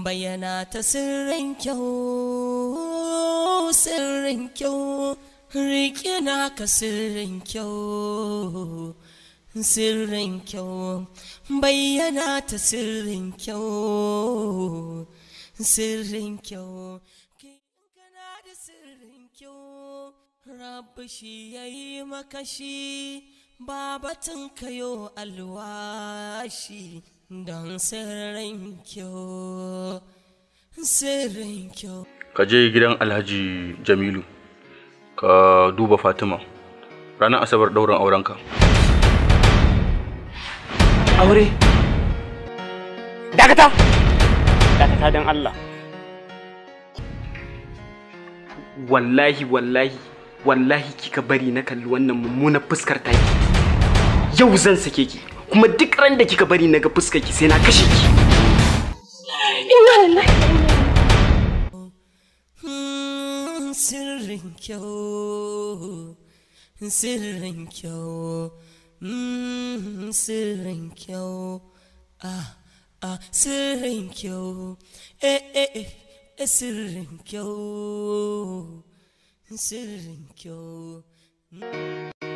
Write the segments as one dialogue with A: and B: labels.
A: bayyana ta sirrin kyau sirrin kyau riƙe ka sirrin kyau sirrin kyau bayyana ta sirrin kyau sirrin kyau kana da sirrin kyau rabu shi ya yi makashi babatin kayo alwashi don sirrin kyau sirrin kyau
B: ka je gidan alhaji jamilu ka duba fatima ranar asabar dauran aurenka
A: aure dakata
B: dakata don allah wallahi wallahi wallahi kika bari na kalli wannan mummunar fuskar taki yau zan sake ki kuma duk ran da kika bari naga fuskar ki sai na kashe ki
A: inna lillahi hmm, sirrin kyau sirrin kyau hmm, sirrin kyau ah ah sirrin kyau eh eh eh, eh sirrin kyau sirrin kyau hmm.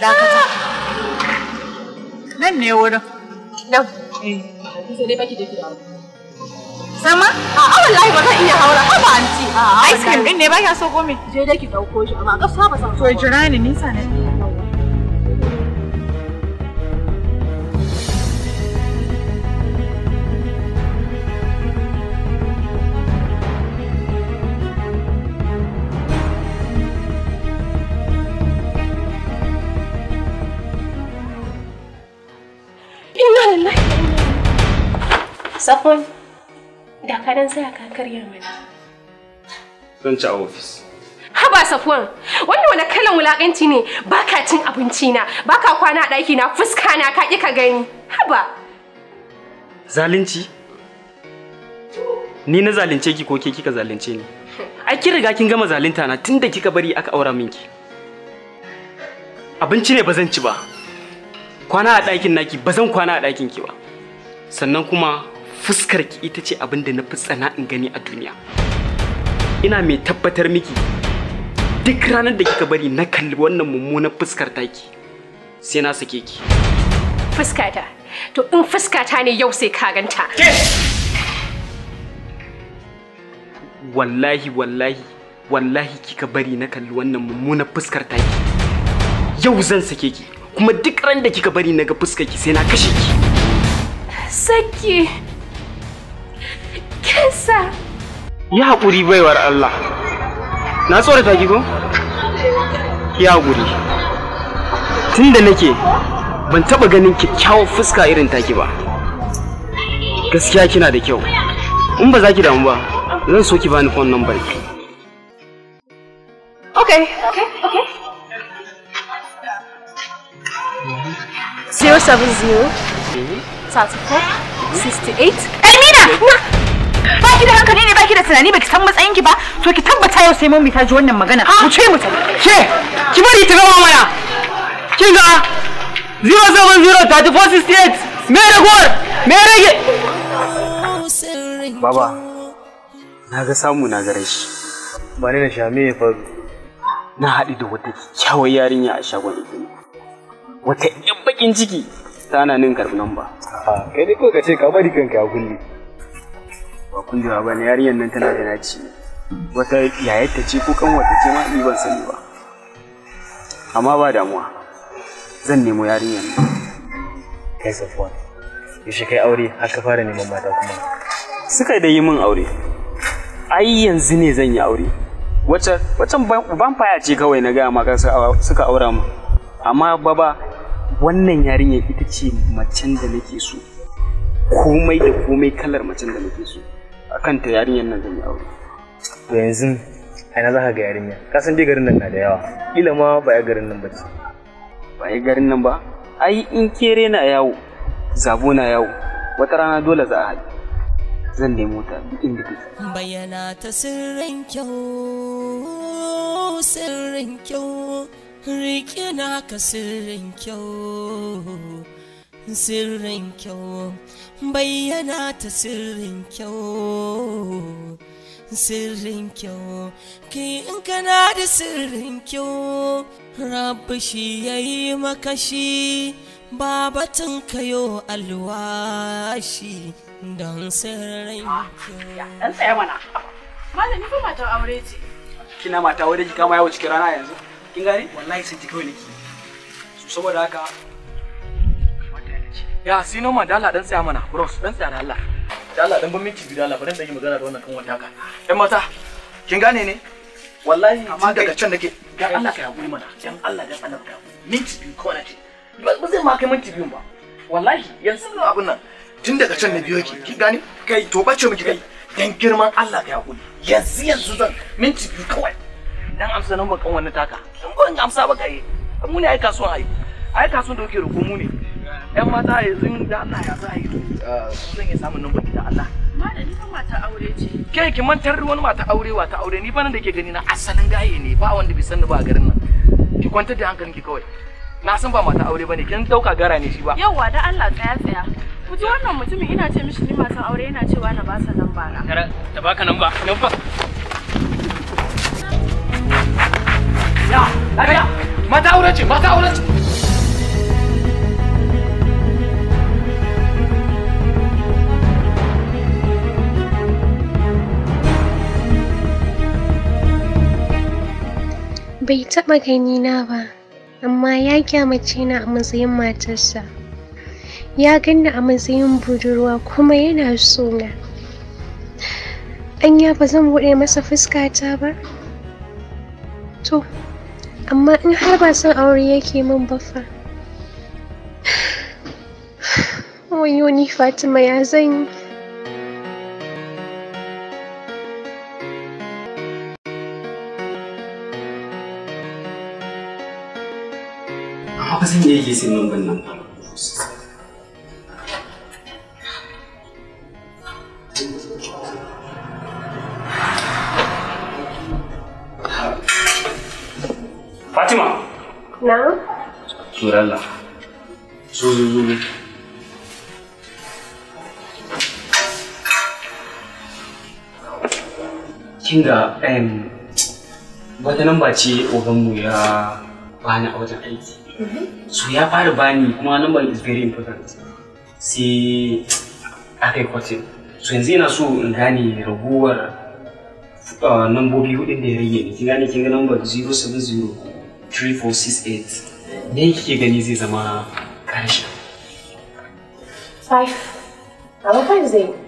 A: dakata nan ne wurin nan sai dai baki
B: sama a wallahi ba iya haura ha ba anti ice cream din ne ba ya
A: so gome je dai ki dauko shi amma gaskiya ba san to jira ni nisa ne Safon, da ka dan ka karya mana. Zan ci a ofis. Haba Safwan, wannan wani kalan wulaƙanci ne ba ka cin abinci na, ba ka kwana a ɗaki na fuska na ka ƙi ka gani. Haba.
B: Zalunci? Ni na zalunce ki ko ke kika zalunce ni?
A: Ai kin riga kin
B: gama zalunta na tunda kika bari aka aura minki. Abinci ne ba zan ci ba. kwana a ɗakin naki ba zan kwana a ɗakin ki ba sannan kuma fuskar ki ita ce abin da na fi tsana in gani a duniya ina mai tabbatar miki duk ranar da kika bari na kalli wannan mummunan fuskar taki sai na sake ki fuskata to in fuskata ne yau sai ka ganta wallahi wallahi wallahi kika bari na kalli wannan mummunan fuskar taki yau zan sake ki kuma duk ran da kika bari naga fuskar ki sai na kashe ki saki kesa ya haƙuri baiwar Allah na tsorata ki ko ya haƙuri tunda nake ban taɓa ganin kyakkyawan fuska irin taki ba gaskiya kina da kyau in ba za ki damu ba zan so ki bani phone number ki okay okay okay
A: 070
B: 34 68 Elmina! Eh, ba ki da hankali ne ba ki da tunani ba ki san matsayin ki ba to ki tabbata yau sai mami ta ji wannan magana ah! ku ce mu ke ki bari ta gama mana kin ga 070 34 68 me ragowar me rage Baba na ga samu na gare shi ba ni da shame ya faru na haɗu da wata kyawun yarinya a shagon ilimi wata yan bakin ciki ta na nin karɓi nan ba. Kai ne kuka ce ka bari kanka a kulle. Ba kulle ba ne yarinyar nan tana da naci. Wata yayarta ce ko kan wata ce ma ni ban sani ba. Amma ba damuwa. Zan nemo yarinyar nan. Kai Safwan. Yaushe kai aure har ka fara neman mata kuma. Suka da yi min aure. Ai yanzu ne zan yi aure. Wacce waccan ban faya ce kawai na gaya ma suka aura mu. Amma baba wannan yarinya ita ce macen da nake so komai da komai kalar macen da nake so a kanta yarinyar nan zan yi aure to yanzu aina za ka ga yarinya ka san dai garin nan na da yawa ila ma ba ya garin nan ba ce ba ya garin nan ba ai in kere na yawo zabo na yawo wata rana dole za a haɗu zan nemo ta inda take
A: bayyana ta sirrin kyau sirrin kyau riƙe na ka sirrin kyau sirrin kyau bayyana ta sirrin kyau sirrin kyau kai in kana da sirrin kyau rabu shi ya yi makashi babatun kayo alwashi don sirrin kyau
B: malami ko matan aure ce kina mata aure ki kama yawo cikin rana yanzu kin gane wallahi sai kawai ya da Allah dan tsaya mana bros dan tsaya da Allah da Allah dan ban Allah bari dan yi magana da kan wata ka ɗan mata kin gane ne wallahi amma daga can nake dan Allah ka mana dan Allah dan Allah ka biyu kawai nake ba zai ma kai minti biyu ba wallahi yanzu nan na biyo girman Allah ka dan amsa nan bakan wannan taka in amsa ba kai mu ne ai kasuwan ai ai kasuwan da yake roƙo mu ne yan mata yanzu da Allah ya za a yi to eh, zan ya samu nan da Allah malami fa mata aure ce ke ki mantar wani mata aure wa ta aure ni fa nan da ke gani na asalin gaye ne ba wanda bai san ba a garin nan ki kwantar da hankalinki kawai na san ba mata aure bane kin dauka gara ne shi ba yawa da Allah tsaya tsaya ku ji wannan mutumin ina ce mishi ni matan aure yana cewa na ba sa nan ba na ta baka nan ba nan ba Bai taɓa
A: gani na ba, amma ya kyamace na a matsayin matarsa. Ya ganni a matsayin budurwa kuma yana sona. Anya ba zan buɗe masa fuskata ba? To, amma in har ba son aure yake min bafa fa fatima ya zan yi
B: ba iya yi nan ba Na'am? Turalla. Zo zo zo. Kin ga em wata namba ce oganmu ya bani a wajen aiki. Mhm. So ya fara bani kuma number is very important. Sai aka yi kwatin. So yanzu yana so in gane ragowar ah, nambobi hudun da ya rage ne. Kin gane kin ga number 070 3468 me kike gani zai
A: zama karshen
B: 5 a zai